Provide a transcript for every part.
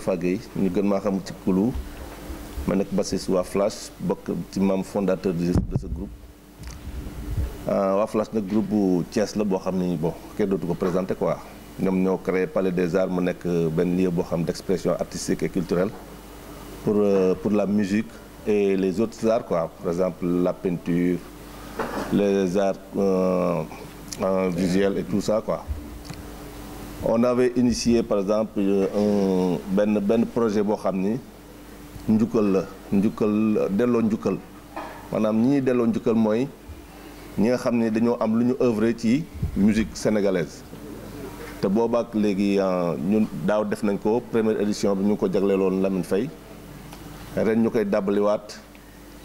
Moustapha ñu gën maa xam ci Kulu ma nekk bassiste waa Flash bokk ci membre fondateur de ce group euh, waa Flash nag groupe bu Thiès la boo xam ni bon kenn dootu ko présenté quoi ñoom ñoo créé Palais des Arts mu nekk euh, benn lieu boo xam d'expression artistique et culturelle pour euh, pour la musique et les autres arts quoi par exemple la peinture les arts visuels et tout ça quoi on avait initié par exemple euh, benn benn projet boo xam ni njukkal la njukkal delloo njukkal maanaam ñi ñuy delloo njukkal mooy ñi nga xam ni dañoo am lu ñu œuvré ci musique sénégalaise te boobaak léegi euh, ñun daaw def nañ ko première édition bi ñu ngi ko jagleeloon Lamine Faye ren ñu koy dàbbaliwaat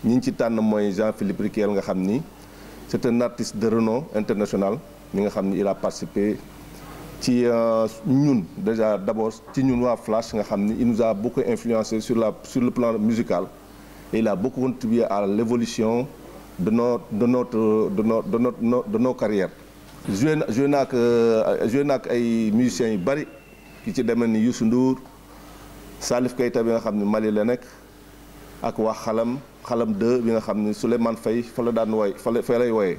ñi ñu ci tànn mooy Jean-Philippe Riquel nga xam ni c'est un artiste de renom international ñi nga xam ni il a participé ci euh, ñun déjà d'abord ci ñun waa Flash nga xam ni il nous a beaucoup influencé sur la sur le plan musical et il a beaucoup contribué à l'évolution de nos de notre de nos de notre de nos carrières. joué na joué naag euh, joué naag ay musiciens yu bari ki ci demee ni Youssou Ndour Salif Keita bi nga xam ni Mali la nekk ak waa Xalam Xalam 2 bi nga xam ni Souleymane Faye fa la daan woy fa la fa lay woyee.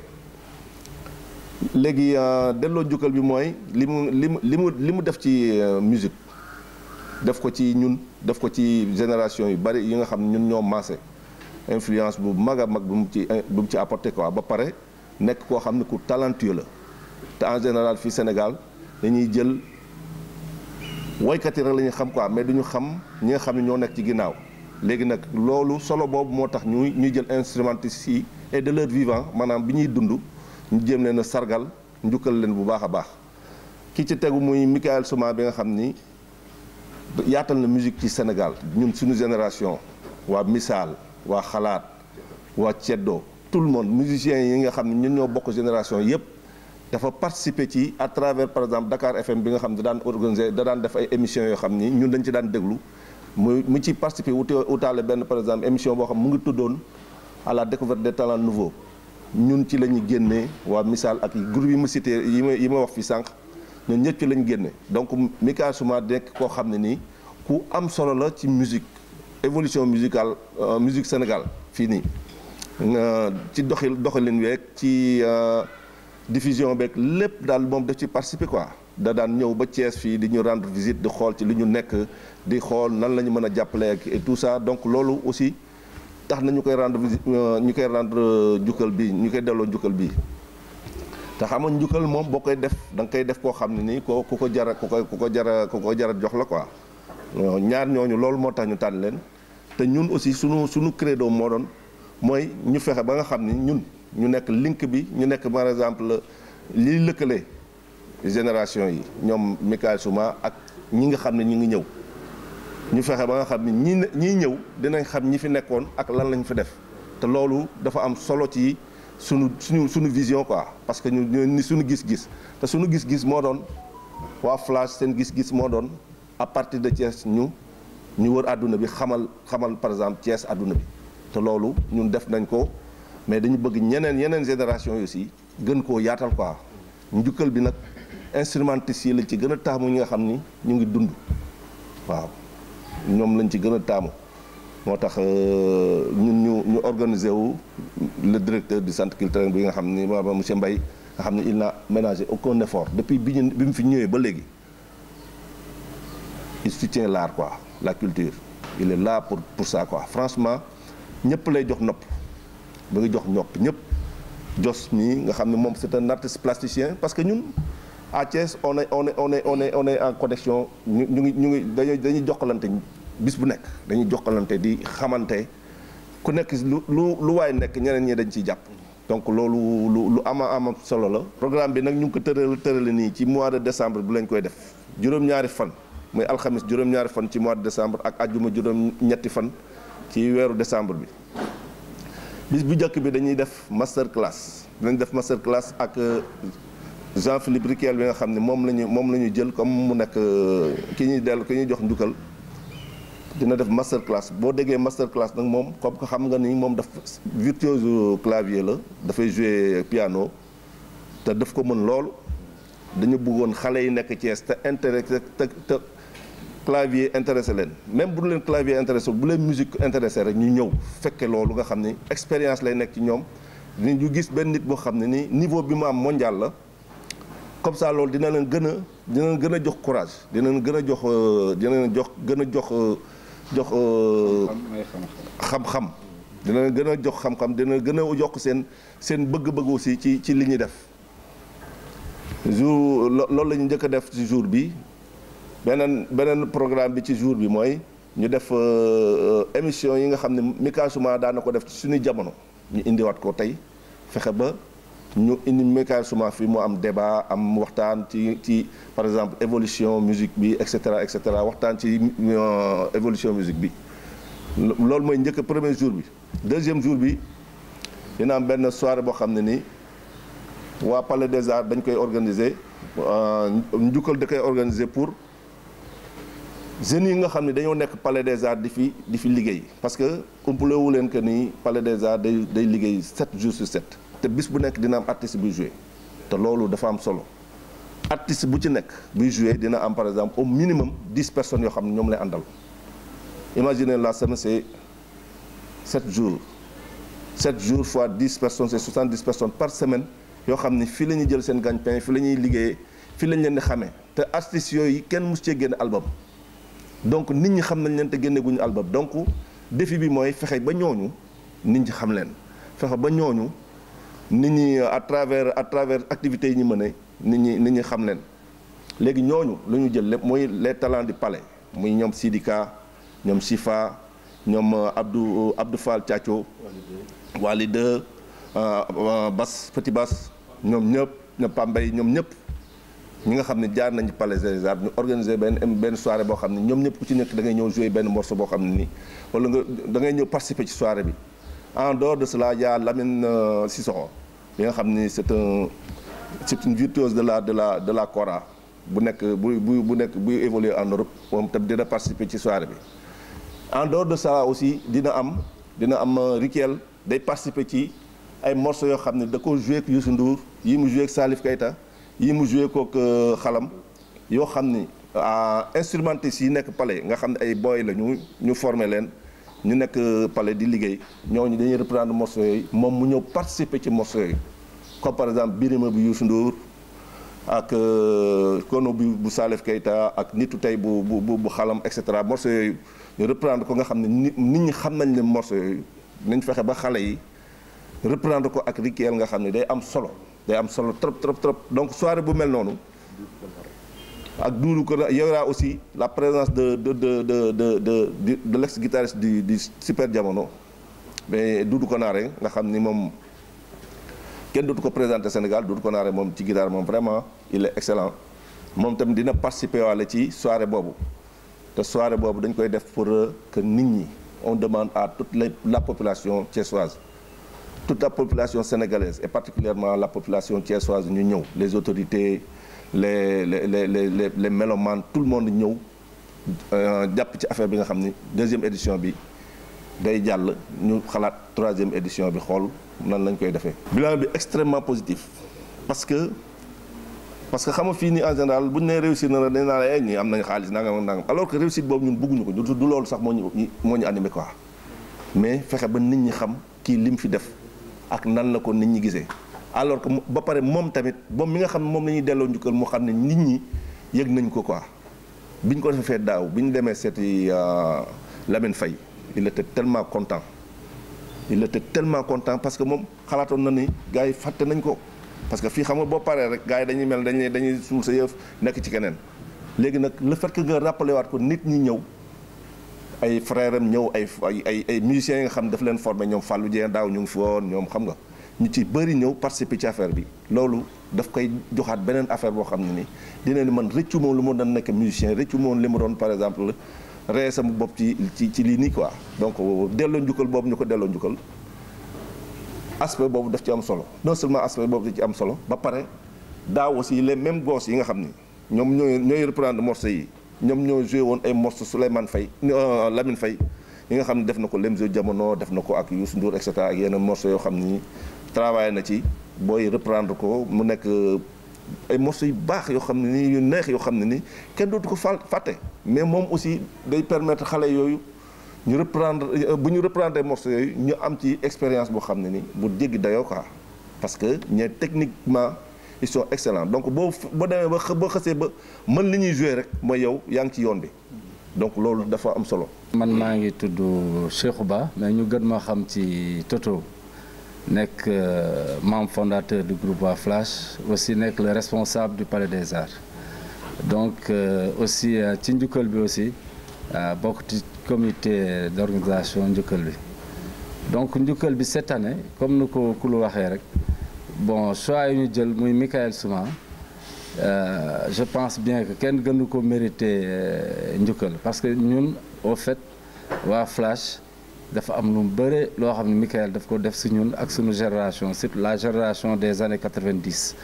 léegi euh, delloo njukkal bi mooy li mu li mu li mu li mu def ci euh, musique def ko ci ñun def ko ci génération yu bari yi nga xam ñun ñoo maase influence bu mag a mag bu mu ci bu mu ci apporté quoi ba pare nekk koo xam ne ku talentueux la te en général fii Sénégal dañuy jël woykat yi rek la ñuy xam am mais duñu xam ñi nga xam ne ñoo nekk ci ginnaaw léegi nag loolu solo boobu moo tax ñu ñuy jël instrumentiste si et de leur vivant maanaam bi ñuy dund ñu jéem leen a sargal njukkal leen bu baax a baax ki ci tegu muy Michael Souma bi nga xam ni yaatal na musique ci Sénégal ñun suñu génération waa missal waa xalaat waa ceddo tout le monde musiciens yi nga xam ne ñun ñoo bokk génération yépp dafa participer ci à travers par exemple Dakar FM bi nga xam ne daan organiser da daan def ay émissions yoo xam ni ñun dañ ci daan déglu mu mu ciy participer wute utaale benn par exemple émission boo xam mu ngi tuddoon à la découverte des talents nouveaux ñun ci la ñu génnee waa misaal ak group yi ma cité yi ma wax fi sànq ñun ñëpp ci la génne donc Mika Souma nekk koo xam ne nii ku am solo la ci musique évolution musicale euh, musique Sénégal fii nii ci doxil doxalin weeg ci euh, diffusion beeg lépp daal moom daf ci participer quoi da daan ñëw ba Thiès fii di ñu rendre visite di xool ci lu ñu nekk di xool nan la ñu mën a jàppale ak et tout ça donc loolu aussi tax na ñu koy rendre euh, ñu koy rendre euh, njukkal bii ñu koy delloo njukkal bi te xam nga njukkal moom boo koy def da nga koy def koo xam ne nii ko ku ko jara ku ko ku ko jara ku ko jara jox la ko ñaar ñooñu loolu moo tax ñu tànn leen te ñun aussi sunu suñu credo moo doon mooy ñu fexe ba nga xam ni ñun ñu nekk link bi ñu nekk par exemple liy lëkkale génération yi ñoom Michael Souma ak ñi nga xam ne ñu ngi ñëw ñu fexe ba nga xam ni ñi ñiy ñëw dinañ xam ñi fi nekkoon ak lan lañ fi def te loolu dafa am solo ci suñu suñu suñu vision quoi parce que ñu ni suñu gis-gis te suñu gis-gis moo doon waa Flash seen gis-gis moo doon à partir de Thiès ñu ñu wër àdduna bi xamal xamal par exemple Thiès àdduna bi te loolu ñun def nañ ko mais dañu bëgg ñeneen yeneen génération yi aussi gën koo yaatal quoi njukkal bi nag instrumentistes yi lañ ci gën a taamu ñi nga xam ni ñu ngi dund waaw ñoom lañ ci gën a taamu moo tax euh, ñun ñu ñu organiser wu le directeur du centre culturel bi nga xam ni waa monsieur mbay nga xam ni il n'a ménagé aucun effort depuis bi ñu bi mu fi ñëwee ba léegi il soutient l'art quoi la culture il est là pour pour ça quoi franchement ñëpp lay jox nopp ba ngi jox nopp ñëpp jos mii nga xam ne moom c'est un artiste plasticien parce que ñun à Thiès on est on est on est on est on est en connexion ñu ñu ngi ñu ngi dañuy dañuy jokkalante bis bu nekk dañuy jokkalante di xamante ku nekk lu lu lu waay nekk ñeneen ñi dañ ciy jàpp. donc loolu lu lu ama ama solo la. programme bi nag ñu ngi ko tëral tërale nii ci mois de décembre bu lañ koy def juróom-ñaari fan muy alxamis juróom-ñaari fan ci mois de décembre ak ajjuma juróom-ñetti fan ci weeru décembre bi. bis bu njëkk bi dañuy def master class dinañ def master class ak euh, Jean Philippe Riquel bi nga xam ne moom la ñu moom la ñu jël comme mu nekk euh, ki ñuy dellu ki ñuy jox njukkal dina def master class boo déggee master class nag moom comme que xam nga nii moom daf virtuose clavier la dafay jouer piano te daf ko mën lool dañu bëggoon xale yi nekk Thiès te intéressé te te clavier intéressé leen même bu leen clavier intéressé bu leen musique intéressé rek ñu ñëw fekke loolu nga xam ni expérience lay nekk ci ñoom ni ñu gis benn nit boo xam ne ni niveau bi mu am mondial la comme ça loolu dina leen gën a dina leen gën a jox courage dina leen gën a jox euh, dina leen jox gën a jox euh, jox euh, xam-xam dina leen gën a jox xam-xam dina gën a yokk seen seen bëgg-bëgg aussi ci ci li ñuy def jour loolu la njëkk a def ci jour bi beneen beneen programme bi ci jour bi mooy ñu def émission yi nga xam ne Mika Souma daan ko def ci suñu jamono ñu indiwaat ko tey fexe ba ñu indi mécanisme fii mu am débat am waxtaan ci ci par exemple évolution musique bi et cetera et cetera waxtaan ci euh, évolution musique bi loolu mooy njëkk premier jour bi deuxième jour bi dina benn soirée boo xam ne ni waa Palais des Arts dañ koy organiser euh, njukkal da koy organiser pour jeunes yi nga xam ne dañoo nekk palais des arts di fi di fi liggéey parce que umpalewu leen que ni pale des arts day day liggéey 7 jours sur 7 te bis bu nekk dina am artiste buy joué te loolu dafa am solo artiste bu ci nekk buy joué dina am par exemple au minimum 10 personnes yoo xam ne ñoom lay àndal imaginez la semaine c'est 7 jours 7 jours fois 10 personnes c'est 70 personnes par semaine yoo xam ne fii la ñuy jël seen gagne-pain fii la ñuy liggéeyee fii lañ leen di xamee te artistes yooyu kenn mus cee génn album donc nit ñi xam nañ leen te génne guñu album donc défi bi mooy fexe ba ñooñu nit ñi xam leen fexe ba ñooñu nit ñi euh, à travers à travers activités yi ñu mën nit ñi nit ñi xam leen léegi ñooñu lu ñu jël lépp mooy les talents du palais muy ñoom Sidika ñoom Sifa ñoom euh, Abdou euh, Abdou Fall Thiacho Walide Bas Petit Bas ñoom ñëpp ñoom Pambay ñoom ñëpp ñi nga xam ne jaar nañu palais des arts organiser benn benn soirée boo xam ne ñoom ñëpp ku ci nekk da ngay ñëw jouer benn morceau boo xam ne nii wala nga dangay ñëw participer ci soirée bi en dehors de cela y a Lamine Sissoko euh, nga xam ni c'est un c'est de la de la de la kora bu nekk bu bu bu nekk buy évoluer en Europe moom tam dina ci soirée bi en dehors de ça aussi dina am dina am euh, Riquel day participer ci ay morceaux yoo xam ne da ko jouer ak Youssou Ndour yi mu jouer saalif kayta yi mu joue kook euh, xalam yoo xam ni instrumentistes yi nekk palais nga xam ne ay boy la ñu ñu leen ñu nekk euh, pale di liggéey ñooñu dañuy reprendre morceaux yooyu moom mu ñëw participer ci morceaux yooyu comme par exemple Birima bu Youssou Ndour ak euh, kono bi bu Salif Keita ak nitu tey bu bu bu xalam et cetera morceaux yooyu ñu reprendre ko nga xam ne nit ñi xam nañ leen morceaux yooyu nañ fexe ba xale yi reprendre ko ak rituel nga xam ni day am solo day am solo trop trop trop donc soirée bu mel noonu ak duuru ko y aura aussi la présence de de de de de de de l'ex guitariste du du super jamono mais Doudou Konaare nga xam ni moom kenn dootu ko présenté Sénégal ko Konaare moom ci guitare moom vraiment il est excellent moom tamit dina participer walla ci soirée boobu te soirée boobu dañ koy def pour que nit ñi on demande à toute la population thiessoise toute la population sénégalaise et particulièrement la population thiessoise ñu ñëw les autorités les les les les les mélomanes tout le monde ñëw euh, jàpp ci affaire bi nga xam ni deuxième édition bi day jàll ñu xalaat troisième édition bi xool nan lañ koy defee. bilan bi extrêmement positif parce que parce que xam nga fii nii en général bu ñu nee réussir na la nee naa la eh, ñi am nañ xaalis nangam nangam alors que réussite boobu ñun bëgguñu ko ñu du loolu sax moo ñu moo ñu animé quoi mais fexe ba nit ñi xam kii li mu fi def. ak nan la ko nit ñi gisee alors que ba pare moom tamit moom mi nga xam ne moom la ñuy delloo njukkal moo xam ne nit ñi yëg nañ ko quoi bi ñu ko defee daaw bi ñu demee seeti euh, Lamine Faye il était tellement content il était tellement content parce que moom xalaatoon na ni gars yi fàtte nañ ko parce que fii xam nga boo paree rek gars yi dañuy mel dañuy dañuy suul sa yëf nekk ci keneen léegi nag le fait que nga rappelé waat ko nit ñi ñëw ay frère am ñëw ay ay ay musiciens yi nga xam daf leen formé ñoom Fallou Dieng daaw ñu ngi fi woon ñoom xam nga ñu ci bëri ñëw participer ci affaire bi loolu daf koy joxaat beneen affaire boo xam ne ni dina ni man rëccu moom lu ma doon nekk musicien rëccu moom li ma doon par exemple ree sama bopp ci ci ci lii nii quoi donc delloo njukkal boobu ñu ko delloo njukkal aspect boobu daf ci am solo non seulement aspect boobu daf ci am solo ba pare daaw si les mêmes gosses yi nga xam ni ñoom ñooy ñooy reprendre morceau yi ñoom ñoo joué woon ay morceaux Souleymane Faye euh, Lamine Faye yi nga xam ne def na ko Lemzo Jamono def na ko ak Youssou Ndour et ak yenn morceaux yoo xam ni travaillé na ci booy reprendre ko mu nekk euh, ay morceaux yu baax yoo xam ne ni yu neex yoo xam ne ni kenn dootu ko fa fàtte mais moom aussi day permettre xale yooyu ñu reprendre euh, bu ñu reprendre morceaux yooyu ñu am ci expérience boo xam ne ni bu jéggi dayoo quoi parce que ñe techniquement ils sont excellents donc boo boo demee ba boo xasee ba mën li ñuy joué rek mooy yow yaa ngi ci yoon bi donc loolu dafa am solo. man maa ngi tudd Cheikhou Ba. mais ñu gën ma xam ci Toto nekk euh, membre fondateur du groupe Wa Flash aussi nekk le responsable du pare des arts donc euh, aussi euh, ci njukkal bi aussi bokk ci comité d' organisation njukkal bi donc njukkal bi cette anne comme nu ko ku waxee rek. bon choix yu ñu jël muy Michael Souma euh, je pense bien que kenn gënu ko mérité euh, njukkal parce que ñun au fait waa Flash dafa am lu mu bëre loo xam ne Michael daf ko def si ñun ak suñu génération surtout la génération des années 90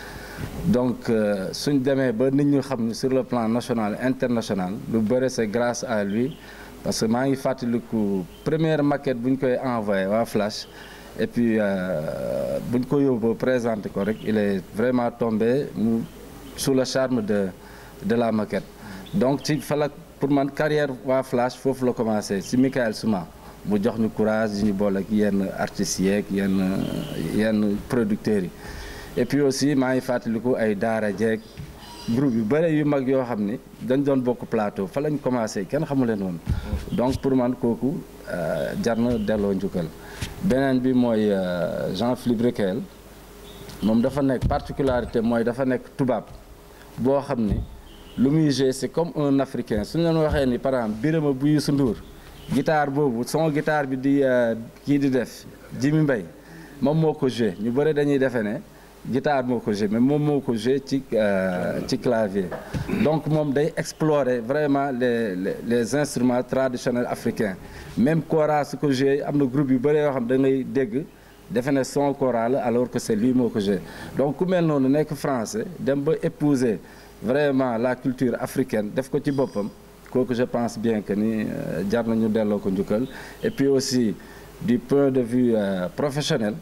donc euh, suñ demee ba nit ñu xam ne sur le plan national international lu bëre c'est grace à lui parce que maa ngi fàttaliku première maquette bu ñu koy envoyé waa Flash. et puis euh, buñ ko yóbboo présenté ko rek il est vraiment tombé mu sous le charme de de la maquette donc ci fala pour man carrière waa Flash foofu la commencé si Michael Souma mu jox ñu courage di ñu boole ak yenn artistes yeeg yenn yenn producteurs yi et aussi maa ngi fàttaliku ay daara jeeg groupe yu bëre yu mag yoo xam ni dañ doon bokk plateau fa lañu commencé kenn xamu leen woon donc pour man kooku euh, jar na delloo njukkal beneen bi mooy euh, Jean-Philippe Requel moom dafa nekk particularité mooy dafa nekk tubaab boo xam ni lu muy jouer c'est comme un africain suñu leen waxee ni par exemple Birama bu Youssou Ndour guitare boobu son guitare bi di euh, kii di def Jimi Mbaye moom moo ko jouer ñu bëre dañuy defe ne guitare moo ko joué mais moom moo ko joué ci euh, ci clavier donc moom day explorer vraiment les les instruments traditionnels africains même kora su ko joué am na groupe yu bëri yoo xam da ngay dégg defe ne son kora alors que c'est lui moo ko joué donc ku mel noonu nekk français dem ba épouser vraiment la culture africaine def ko ci boppam kooku je pense bien que ni euh, jar nañu delloo ko njukkal et puis aussi du point de vue euh, professionnel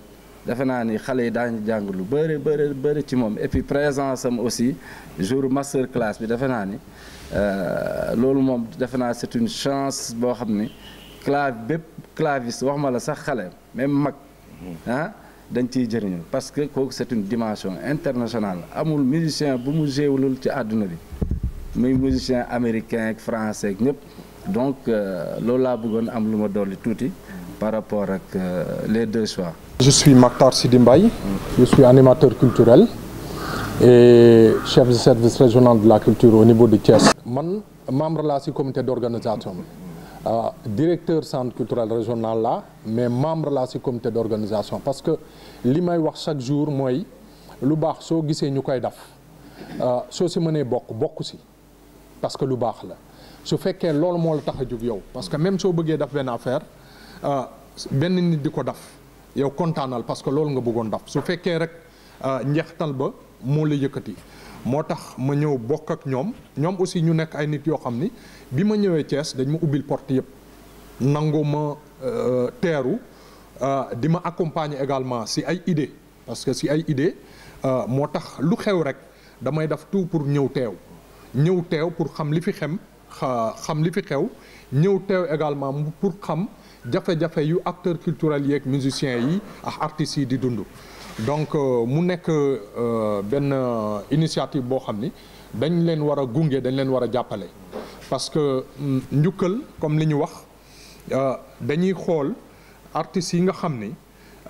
defe naa ni xale yi daañu jàng lu bëri bëri bëri ci moom et puis présence am aussi jour master class bi defe naa ni euh, loolu moom defe naa c'est une chance boo xam ne clave bépp claviste wax ma la sax xale même mag mmh. ah dañ ciy jëriñu parce que kooku c'est une dimension international amul musicien bu mu géewulul ci àdduna bi muy musicien américain ak français ak ñëpp donc euh, loolu laa bëggoon am lu ma dolli tuuti par rapport ak euh, les deux choix ju suis Maktar mbay je suis animateur culturel et chef de service régional de la culture au niveau de Thiès. man membre laa ci comité d'organisation euh, directeur centre culturel régional la mais membre laa ci comité d'organisation parce que li may wax chaque jour mooy lu baax soo gisee ñu koy def euh, soo ci mënee bokk bokk ci parce que lu baax la su fekkee loolu moo la tax a jóg yow parce que même soo bëggee def benn affaire euh, benn nit di ko def yow kontaanal parce que loolu nga bëggoon daf su fekkee rek euh, njeextal ba moo la yëkkati moo tax ma ñëw bokk ak ñoom ñoom aussi ñu nekk ay nit yoo xam ni bi ma ñëwee Thiès dañ ma ubbil porte yëpp nangu ma euh, teeru euh, di ma accompagner également si ay idées parce que si ay idées moo tax lu xew rek damay def tout pour ñëw teew ñëw teew pour xam li fi xem xam li fi xew ñëw teew également pour xam jafe-jafe yu acteur culturels yi ak musiciens yi ak artistes yi di dund donc euh, mu nekk euh, benn euh, initiative boo xam ni dañ leen war a gunge dañ leen war a jàppale parce que mm, njukkal comme li ñu wax dañuy xool artistes yi nga xam ni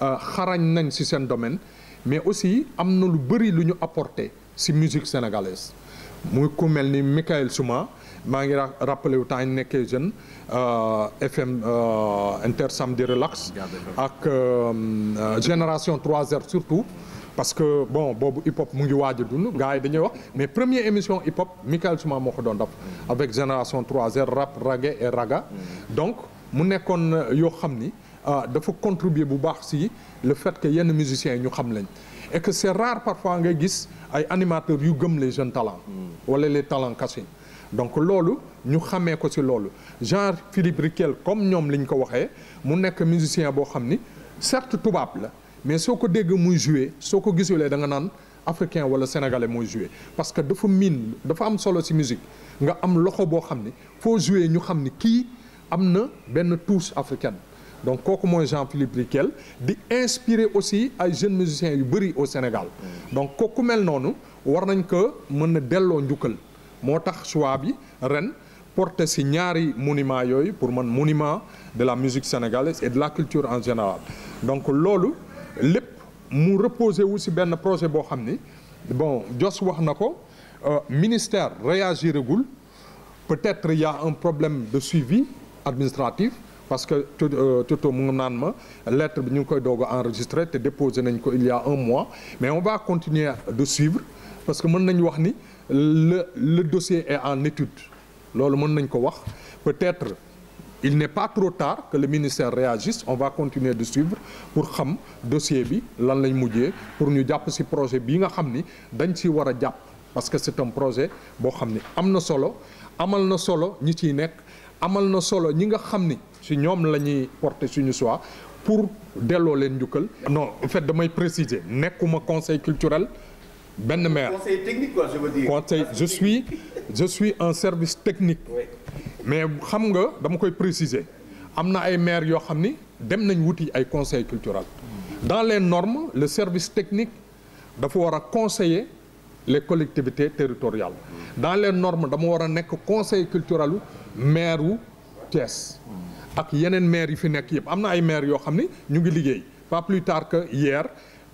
xarañ nañ ci seen domaine mais aussi am na lu bëri lu ñu apporté ci musique sénégalaise mu ku mel ni Michael Souma maa ngi rappelé wu temps yi nekkee jeune euh, FM euh, inter samedi relax ak euh, génération 3R surtout parce que bon boobu hip hop mu ngi waaj a dund gars yi dañuy wax mais première émission hip hop Michael Souma moo ko doon def avec génération 3R rap reggae et raga donc mu nekkoon yoo xam ni dafa contribuer bu baax si le fait que yenn musiciens yi xam lañ et que c'est rare parfois ngay gis ay animateurs yu gëm les jeunes talents wala les talents cachés donc loolu ñu xamee ko ci loolu genre Philippe Riquel comme ñoom liñ ko waxee mu nekk musicien boo xam ni certes tubaab la mais soo ko dégg muy jouer soo ko gisulee da nga naan africain wala sénégalais mooy jouer parce que dafa miin dafa am solo ci musique nga am loxo boo xam ni foo jouer ñu xam ni kii am na benn touche africaine donc kooku mooy Jean-Philippe Riquel di inspirer aussi ay jeunes musiciens yu bëri au Sénégal mm. donc kooku mel noonu war nañ ko mën a delloo njukkal moo tax choix bi ren porté si ñaari monument yooyu pour man monument de la musique sénégalaise et de la culture en général donc loolu lépp mu reposé wu ci benn projet boo xam ni bon Jos wax na ko euh, ministère réagiragul peut-être y un problème de suivi administratif parce que euh, Toto mu ngi naan ma lettre bi ñu ngi koy doog a enregistré te déposé nañ ko il y un mois mais on va continuer de suivre parce que mën nañu wax ni le le dossier est en étude loolu mën nañ ko wax peut-être il n'est pas trop tard que le ministère réagisse on va continuer de suivre pour xam dossier bi lan lañ mujjee pour ñu jàpp ci projet bii nga xam ni dañ ci war a jàpp parce que c'est un projet boo xam ni am na solo amal na solo ñi ci nekk amal na solo ñi nga xam ni si ñoom la ñuy porter suñu choix pour delloo leen njukkal. non en fait damay préciser nekkuma conseil culturel. benn maire conseil technique quoi je veux dire. conseil suis un service technique. mais xam nga dama koy préciser am na ay maires yoo xam ni dem nañ wuti ay conseil culturel. dans les normes le services techniques dafa war a conseiller les collectivités territoriales. dans les normes dama war a nekk conseil culturel maire wu Thiès. ak yeneen maires yi fi nekk yëpp am na ay maires yoo xam ni ñu ngi liggéey pas plus tard que hier.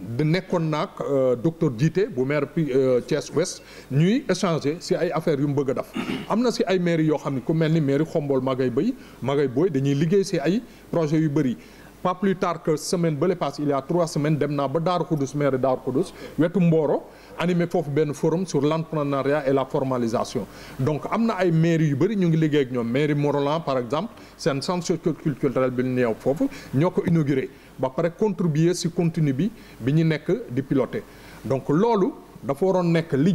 nekkoon naag euh, docteur jiite bu maire euh, Thiès Ouest ñuy échanger si ay affaires yu mu bëgg a def am na si ay maire yoo xam ne ku mel ni maire Xombol Magay Bay Magay Boy dañuy liggéey si ay projets yu bëri pas plus tard que semaine bële passe il y a trois semaines dem naa ba Daaru Xudus maire Daaru Xudus wetu Mboro anime foofu benn forum sur l'entrepreneuriat et la formalisation donc am na ay mairie yu bari ñu ngi liggéey ak ñoom mairie Morolan par exemple seen centre socioculturel bi ñu neew foofu ñoo ko inauguré ba pare contribuer ci continue bi bi ñu nekk di piloter donc loolu dafa waroon nekk li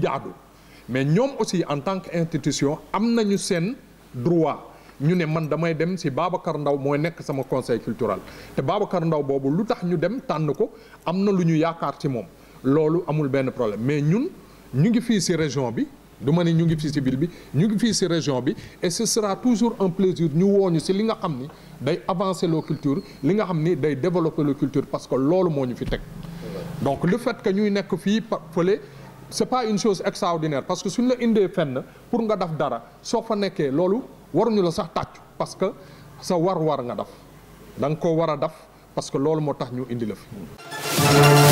mais ñoom aussi en tant que institution am nañu seen droit ñu ne man damay dem ci Babacar Ndaw mooy nekk sama conseil culturel te Babacar Ndaw boobu lu tax ñu dem tànn ko am na lu ñu yaakaar ci moom loolu amul benn problème mais ñun ñu ngi fii ci région bi du ma ne ñu ngi fii ci ville bi ñu ngi fii ci région bi et ce sera toujours en plaisir ñu wooñu ci li nga xam ni day avancer loo culture li nga xam ni day développer la culture parce que loolu moo ñu fi teg donc le fait que ñuy nekk fii fële c'est pas une chose extraordinaire parce que ñu la indee fenn pour nga def dara soo fa nekkee loolu waruñu la sax tàccu parce que sa war-war nga def da nga ko war a def parce que loolu moo tax ñu indi la fi